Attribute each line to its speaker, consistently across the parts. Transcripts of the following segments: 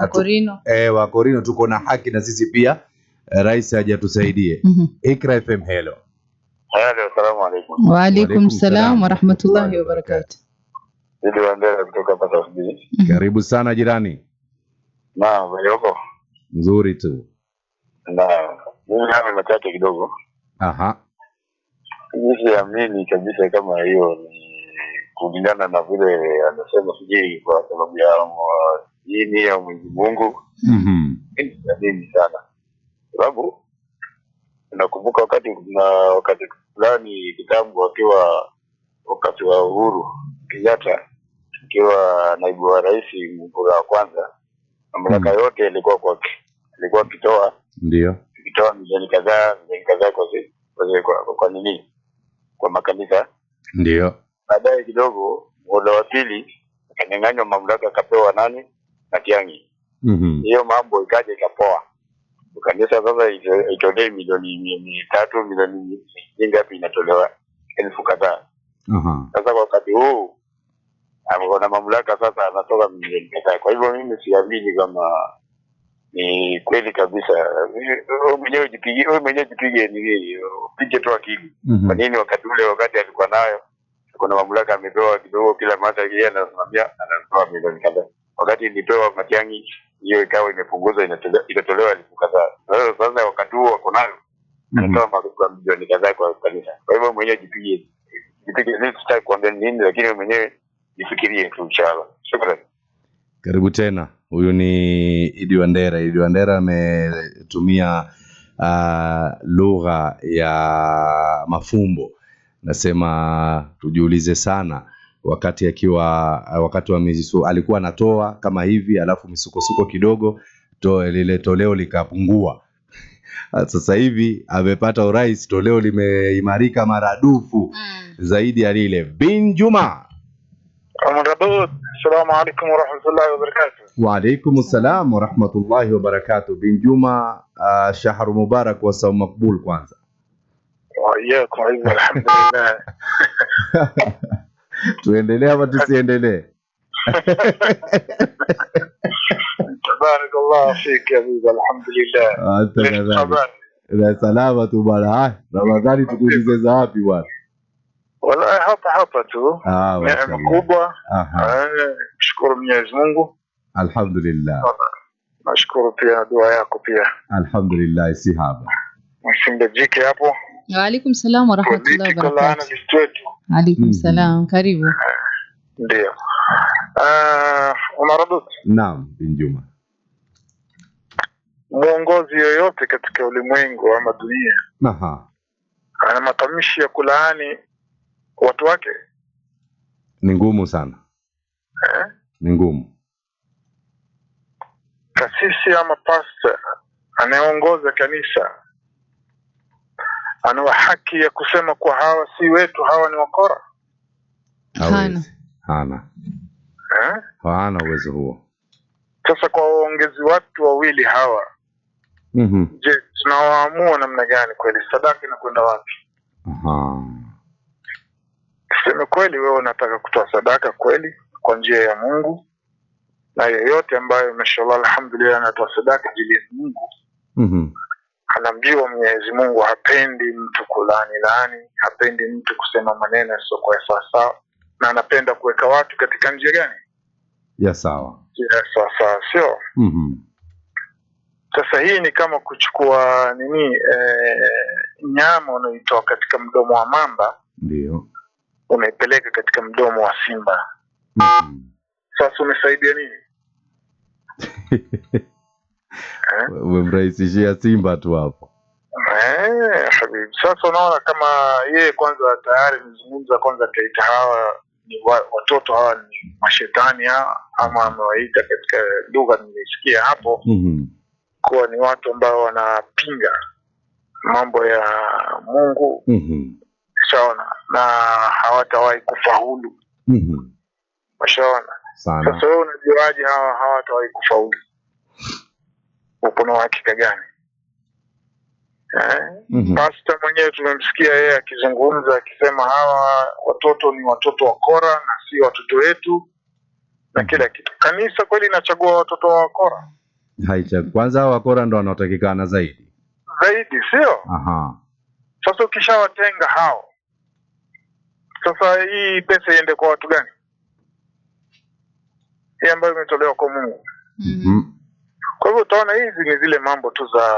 Speaker 1: Wakorino.
Speaker 2: Eh, Wakorino tuko na haki na sisi pia eh, rais hajatusaidie. mm -hmm. Ikra FM hello.
Speaker 3: Hello, salamu alaykum. Wa alaykum salam wa rahmatullahi wa barakatuh.
Speaker 2: Ndio Wandera kutoka hapa Saudi. Mhm. Karibu sana jirani.
Speaker 3: Naam, yuko.
Speaker 2: Nzuri tu.
Speaker 3: Naam. Mimi hapa machache kidogo. Aha. Mimi siamini kabisa kama hiyo ni kulingana na vile anasema sijui kwa sababu ya hii ya Mwenyezi Mungu mm -hmm. sana sababu nakumbuka wakati na wakati fulani kitambo akiwa wakati wa uhuru Kenyatta akiwa naibu wa rais muhula wa kwanza mamlaka mm. yote ilikuwa kwake, alikuwa akitoa ndio kitoa milioni kadhaa milioni kadhaa kwa kwa, kwa nini kwa makanisa. Ndio baadaye kidogo mola wa pili akanyang'anywa mamlaka akapewa nani Matiang'i mm-hmm. hiyo mm -hmm. mambo ikaja ikapoa, ukanisa sasa itolee milioni tatu milioni ngapi inatolewa elfu kadhaa uh-huh. Sasa uh -huh. kwa wakati huu ako na mamlaka sasa, anatoka milioni kadhaa. Kwa hivyo mimi siamini kama ni kweli kabisa. Mwenyewe mwenyewe jipige, ni upige tu akili. Mm-hmm. Kwa nini wakati ule, wakati alikuwa nayo, kuna mamlaka amepewa kidogo, kila mata yeye anasimamia, anatoa milioni kadhaa wakati ilipewa Matiang'i hiyo ikawa imepunguzwa inatolewa elfu kadhaa. Sasa sasa wakati huo wako nayo anatoa mhm. maruka milioni kadhaa kwa kanisa. Kwa hivyo mwenyewe jipige jipige, sitaki kuambia nini, lakini mwenyewe jifikirie tu, inshallah. Shukrani.
Speaker 2: Karibu tena. Huyu ni Idi Wandera. Idi Wandera ametumia uh, lugha ya mafumbo, nasema tujiulize sana wakati akiwa eh, wakati wa mizisu, alikuwa anatoa kama hivi, alafu misukosuko kidogo to, lile toleo likapungua. Ah, sasa hivi amepata urais, toleo limeimarika maradufu mm, zaidi ya lile. Bin Juma,
Speaker 3: assalamu warahmatullahi
Speaker 2: wabarakatuh. Wa salam warahmatullahi Bin Juma, uh, shahru mubarak wa saum makbul kwanza.
Speaker 3: Wa iyyakum, alhamdulillah
Speaker 2: tuendelee ama tusiendelee? salama tu bwana. Ah, Ramadhani tukuulize za wapi bwana?
Speaker 3: Wallahi hapa hapa tu,
Speaker 2: ah, neema
Speaker 3: kubwa. Eh, mshukuru Mwenyezi Mungu,
Speaker 2: alhamdulillah.
Speaker 3: Nashukuru pia dua yako pia,
Speaker 2: alhamdulillah. Si haba
Speaker 3: msimbe hapo.
Speaker 1: Waalaikum salam warahmatullahi wabarakatuh. Alaikum mm-hmm. salam, karibu.
Speaker 3: Ndio. Uh, ah, Umaraduti.
Speaker 2: Naam, bin Juma.
Speaker 3: Mwongozi yoyote katika ulimwengu ama dunia Aha. ana matamshi ya kulaani watu wake
Speaker 2: ni ngumu sana eh? ni ngumu.
Speaker 3: Kasisi ama pasta anayeongoza kanisa anawa haki ya kusema kuwa hawa si wetu, hawa ni wakora?
Speaker 2: Hawezi, hana hana uwezo huo.
Speaker 3: Sasa kwa waongezi watu wawili hawa mm -hmm. Je, tunawaamua namna gani? Kweli sadaka inakwenda wapi? Tuseme kweli, wewe unataka kutoa sadaka kweli kwa njia ya Mungu, na yeyote ambayo mashallah, alhamdulillah, anatoa sadaka ajili ya Mungu mm -hmm anaambiwa Mwenyezi Mungu hapendi mtu kulani laani, hapendi mtu kusema maneno yasiokuwa sawasawa, na anapenda kuweka watu katika njia gani
Speaker 2: ya sawa
Speaker 3: ya sawasawa, sio mm -hmm. Sasa hii ni kama kuchukua nini, e, nyama unaitoa katika mdomo wa mamba ndio unaipeleka katika mdomo wa simba mm -hmm. Sasa umesaidia nini?
Speaker 2: umemrahisishia eh? Simba tu hapo.
Speaker 3: Eh, sasa unaona kama yeye kwanza tayari amezungumza kwanza kaita hawa ni watoto hawa ni mashetani hawa ama amewaita katika lugha nimesikia hapo mm -hmm. kuwa ni watu ambao wanapinga mambo ya Mungu mm -hmm. Shaona na hawatawahi kufaulu mm -hmm. Mashaona sasa, wewe unajuaje hawa hawatawahi kufaulu? upo na uhakika gani? Eh, mm -hmm. Pasta mwenyewe tumemsikia yeye akizungumza akisema hawa watoto ni watoto wa Kora na si watoto wetu na mhm. kila kitu. Kanisa kweli inachagua watoto wa Wakora?
Speaker 2: Haicha, Kwanza hao Wakora ndo wanaotakikana zaidi
Speaker 3: zaidi, sio? Aha. Sasa ukishawatenga hao, sasa hii pesa iende kwa watu gani? Hii ambayo imetolewa kwa Mungu. mm -hmm. Kwa hivyo utaona hizi ni zile mambo tu za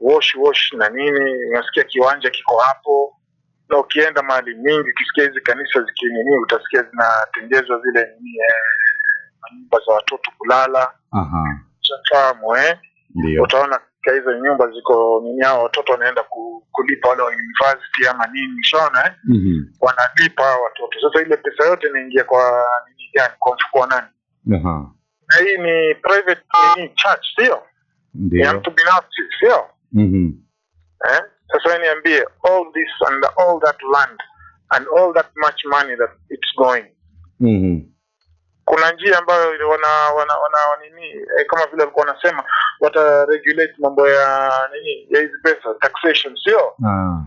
Speaker 3: wash wash na nini, unasikia kiwanja kiko hapo, na ukienda mahali mingi ukisikia hizi kanisa zikinini, utasikia zinatengezwa zile nini eh, nyumba za watoto kulala. Aha. eh? Ndio. Utaona katika hizo nyumba ziko nini, hao watoto wanaenda ku, kulipa wale wa university ama nini, shaona eh? mm -hmm. Wanalipa watoto sasa, ile pesa yote inaingia kwa nini gani? Kwa mfuko wa nani? Aha na hii ni private ni church sio? Ndio. Ya mtu binafsi sio? Mhm. Eh? Sasa niambie all this and all that land and all that much money that it's going. Mhm. Kuna njia ambayo wana wana wana nini eh, kama vile walikuwa wanasema wata regulate mambo ya nini ya hizi pesa taxation sio? Ah.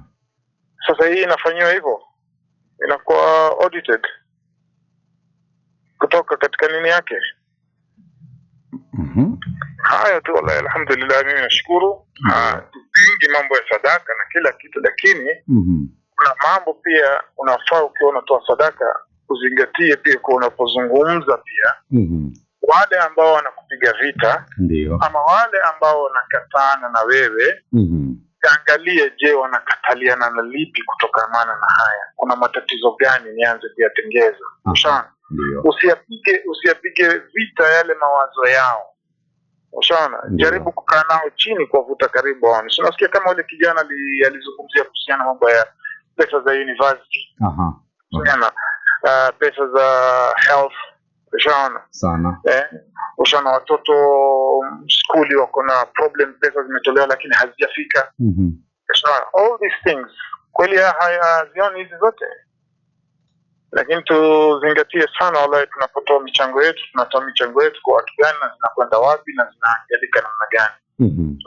Speaker 3: Sasa hii inafanyiwa hivyo. Inakuwa audited kutoka katika nini yake Mm-hmm. haya tu wallahi, alhamdulillah, mimi nashukuru tupingi mm-hmm. ah, mambo ya sadaka na kila kitu, lakini mm-hmm. kuna mambo pia unafaa ukiwa unatoa sadaka uzingatie pia kwa unapozungumza pia wale ambao wanakupiga vita ama wale ambao wanakatana na wewe kaangalie je, wanakataliana na lipi? Kutokamana na haya kuna matatizo gani? Nianze kuyatengeza, ah. ushaona? usiyapige usiyapige vita yale mawazo yao. Ushaona, jaribu kukaa nao chini, kuwavuta karibu waone. So nasikia kama ule kijana alizungumzia kuhusiana mambo ya pesa za university. Aha. Ushaona, uh, ah, pesa za health. Ushaona sana eh? Ushaona watoto skuli wako na problem, pesa zimetolewa lakini hazijafika. mm -hmm. all these things kweli hazioni hizi zote lakini tuzingatie sana wallahi tunapotoa michango yetu, tunatoa michango yetu kwa watu gani na zinakwenda wapi na zinaangalika namna gani? Mm-hmm.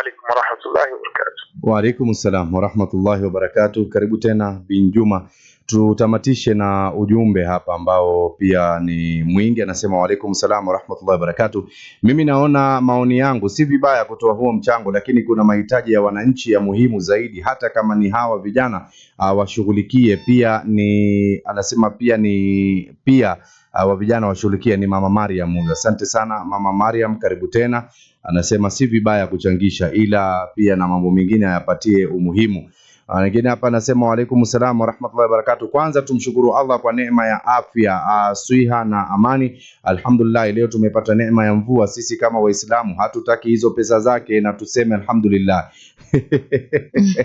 Speaker 3: alaikum warahmatullahi wabarakatuh.
Speaker 2: Waalaikum salam warahmatullahi wabarakatuh. Karibu tena Bin Juma. Tutamatishe na ujumbe hapa ambao pia ni mwingi, anasema waalaikum salam warahmatullahi wabarakatuh. Mimi naona maoni yangu si vibaya kutoa huo mchango, lakini kuna mahitaji ya wananchi ya muhimu zaidi, hata kama ni hawa vijana uh, washughulikie pia ni anasema pia ni pia uh, wa vijana washughulikie ni mama Mariam huyo. Asante sana mama Mariam, karibu tena. Anasema si vibaya kuchangisha, ila pia na mambo mengine ayapatie umuhimu. Ah, wengine hapa anasema waalaikum salam warahmatullahi wabarakatuh. Kwanza tumshukuru Allah kwa neema ya afya, ah, swiha na amani. Alhamdulillah, leo tumepata neema ya mvua. Sisi kama Waislamu hatutaki hizo pesa zake na tuseme alhamdulillah.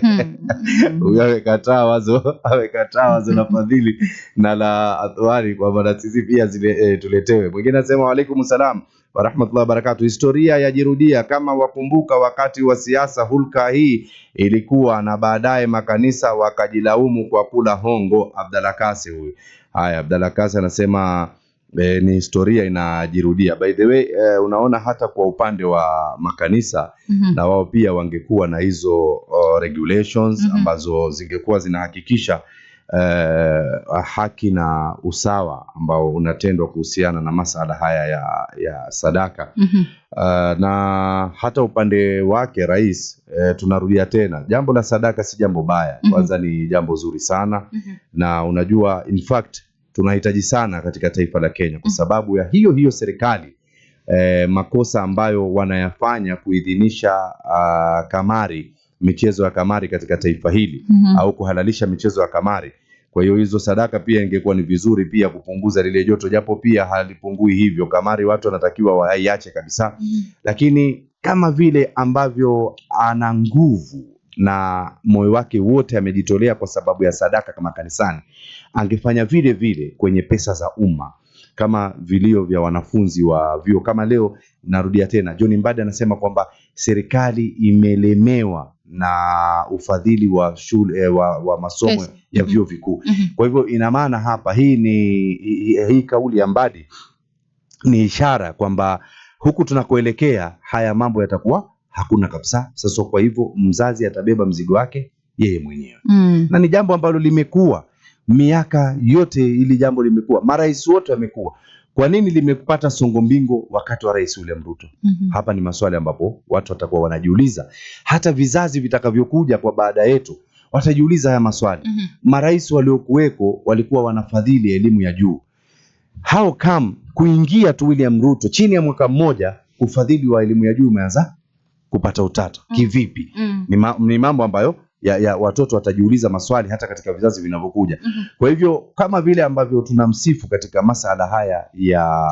Speaker 2: Mhm. Huyo amekataa wazo, amekataa wazo la fadhili na la athwari, kwa sisi pia zile eh, tuletewe. Mwingine anasema waalaikum salam wa rahmatullahi wabarakatu. Historia yajirudia kama wakumbuka, wakati wa siasa hulka hii ilikuwa, na baadaye makanisa wakajilaumu kwa kula hongo. abdalakase huyu, haya Abdalakasi anasema e, ni historia inajirudia. By the way, e, unaona hata kwa upande wa makanisa mm -hmm. na wao pia wangekuwa na hizo uh, regulations mm -hmm. ambazo zingekuwa zinahakikisha Uh, Eh, haki na usawa ambao unatendwa kuhusiana na masala haya ya, ya sadaka mm -hmm. Uh, na hata upande wake rais eh, tunarudia tena jambo la sadaka si jambo baya mm -hmm. Kwanza ni jambo zuri sana mm -hmm. Na unajua in fact tunahitaji sana katika taifa la Kenya kwa mhm. sababu ya hiyo hiyo serikali eh, makosa ambayo wanayafanya kuidhinisha uh, kamari michezo ya kamari katika taifa hili mm -hmm. au kuhalalisha michezo ya kamari kwa hiyo hizo sadaka pia ingekuwa ni vizuri pia kupunguza lile joto, japo pia halipungui hivyo. Kamari watu wanatakiwa waiache kabisa, mm-hmm. lakini kama vile ambavyo ana nguvu na moyo wake wote amejitolea kwa sababu ya sadaka kama kanisani, angefanya vile vile kwenye pesa za umma kama vilio vya wanafunzi wa vyuo. Kama leo narudia tena, John Mbadi anasema kwamba serikali imelemewa na ufadhili wa shule eh, wa, wa masomo yes. ya mm-hmm. vyuo vikuu mm -hmm. Kwa hivyo ina maana hapa hii ni hii, hii kauli ya Mbadi ni ishara kwamba huku tunakoelekea haya mambo yatakuwa hakuna kabisa. Sasa kwa hivyo mzazi atabeba mzigo wake yeye mwenyewe mm. na ni jambo ambalo limekuwa miaka yote, ili jambo limekuwa, marais wote wamekuwa kwa nini limepata songo mbingo wakati wa Rais William Ruto? mm -hmm. Hapa ni maswali ambapo watu watakuwa wanajiuliza, hata vizazi vitakavyokuja kwa baada yetu watajiuliza haya maswali. mm -hmm. Marais waliokuweko walikuwa wanafadhili elimu ya juu, how come kuingia tu William Ruto chini ya mwaka mmoja ufadhili wa elimu ya juu umeanza kupata utata? mm -hmm. Kivipi? mm -hmm. Ni mambo ambayo ya, ya watoto watajiuliza maswali hata katika vizazi vinavyokuja. mm -hmm. Kwa hivyo kama vile ambavyo tunamsifu katika masala haya ya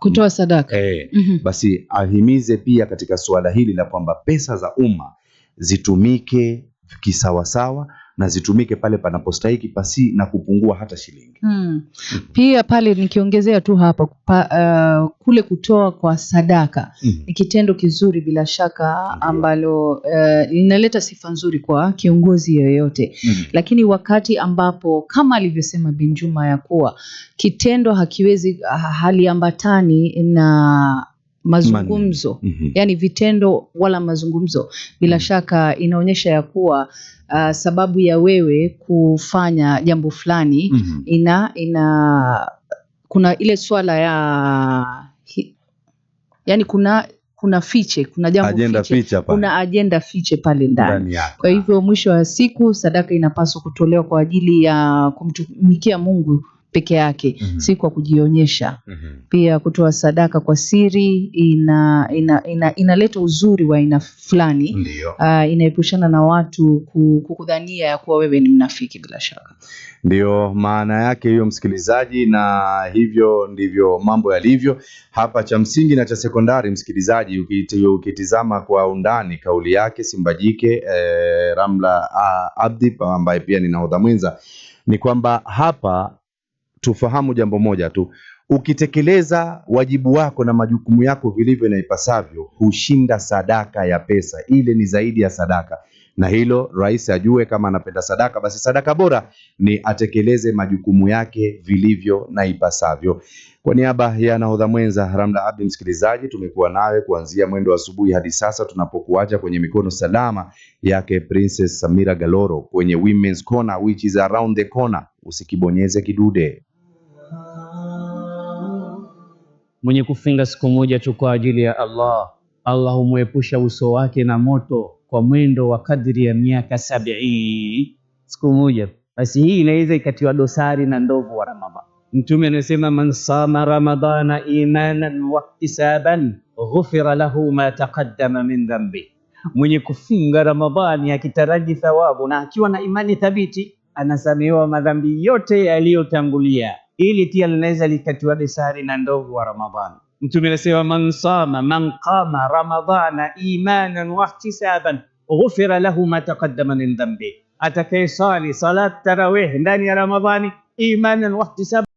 Speaker 1: kutoa sadaka
Speaker 2: eh, mm -hmm. basi ahimize pia katika suala hili la kwamba pesa za umma zitumike kisawasawa na zitumike pale panapostahiki pasi na kupungua hata shilingi
Speaker 1: hmm. hmm. Pia pale nikiongezea tu hapa pa, uh, kule kutoa kwa sadaka hmm. Ni kitendo kizuri bila shaka ambalo uh, linaleta sifa nzuri kwa kiongozi yoyote hmm. Lakini wakati ambapo kama alivyosema Bin Juma ya kuwa kitendo hakiwezi haliambatani na mazungumzo mm -hmm. Yani vitendo wala mazungumzo bila mm -hmm. shaka inaonyesha ya kuwa uh, sababu ya wewe kufanya jambo fulani mm -hmm. ina ina kuna ile swala ya hi, yani kuna kuna fiche kuna jambo agenda fiche, fiche kuna ajenda fiche pale ndani. Kwa hivyo mwisho wa siku sadaka inapaswa kutolewa kwa ajili ya kumtumikia Mungu peke yake mm -hmm. si kwa kujionyesha mm -hmm. Pia kutoa sadaka kwa siri ina inaleta ina, ina uzuri wa aina fulani uh, inaepushana na watu kukudhania ya kuwa wewe ni mnafiki. Bila shaka
Speaker 2: ndio maana yake hiyo, msikilizaji, na hivyo ndivyo mambo yalivyo hapa cha msingi na cha sekondari. Msikilizaji, ukitizama kwa undani kauli yake Simba Jike eh, Ramla ah, Abdi ambaye pia ni nahodha mwenza ni kwamba hapa tufahamu jambo moja tu, ukitekeleza wajibu wako na majukumu yako vilivyo na ipasavyo, hushinda sadaka ya pesa. Ile ni zaidi ya sadaka, na hilo rais ajue. Kama anapenda sadaka, basi sadaka bora ni atekeleze majukumu yake vilivyo na ipasavyo. Kwa niaba ya nahodha mwenza Ramla Abdi, msikilizaji, tumekuwa nawe kuanzia mwendo wa asubuhi hadi sasa tunapokuacha kwenye mikono salama yake Princess Samira Galoro kwenye Women's Corner which is around the corner. Usikibonyeze kidude.
Speaker 4: mwenye kufunga siku moja tu kwa ajili ya Allah, Allah humwepusha uso wake na moto kwa mwendo wa kadri ya miaka sabini. Siku moja basi, hii inaweza ikatiwa dosari na ndovu wa Ramadhan. Mtume anasema man sama ramadana imanan wahtisaban ghufira lahu ma taqaddama min dhanbi, mwenye kufunga Ramadhani akitaraji thawabu na akiwa na imani thabiti anasamehewa madhambi yote yaliyotangulia. ili pia linaweza likatiwa hali na ndovu wa Ramadhani. Mtume anasema man sama man qama ramadhana imanan wahtisaban ghufira lahu ma taqaddama min dhanbi, atakayesali salat tarawih ndani ya Ramadhani imanan wahtisaban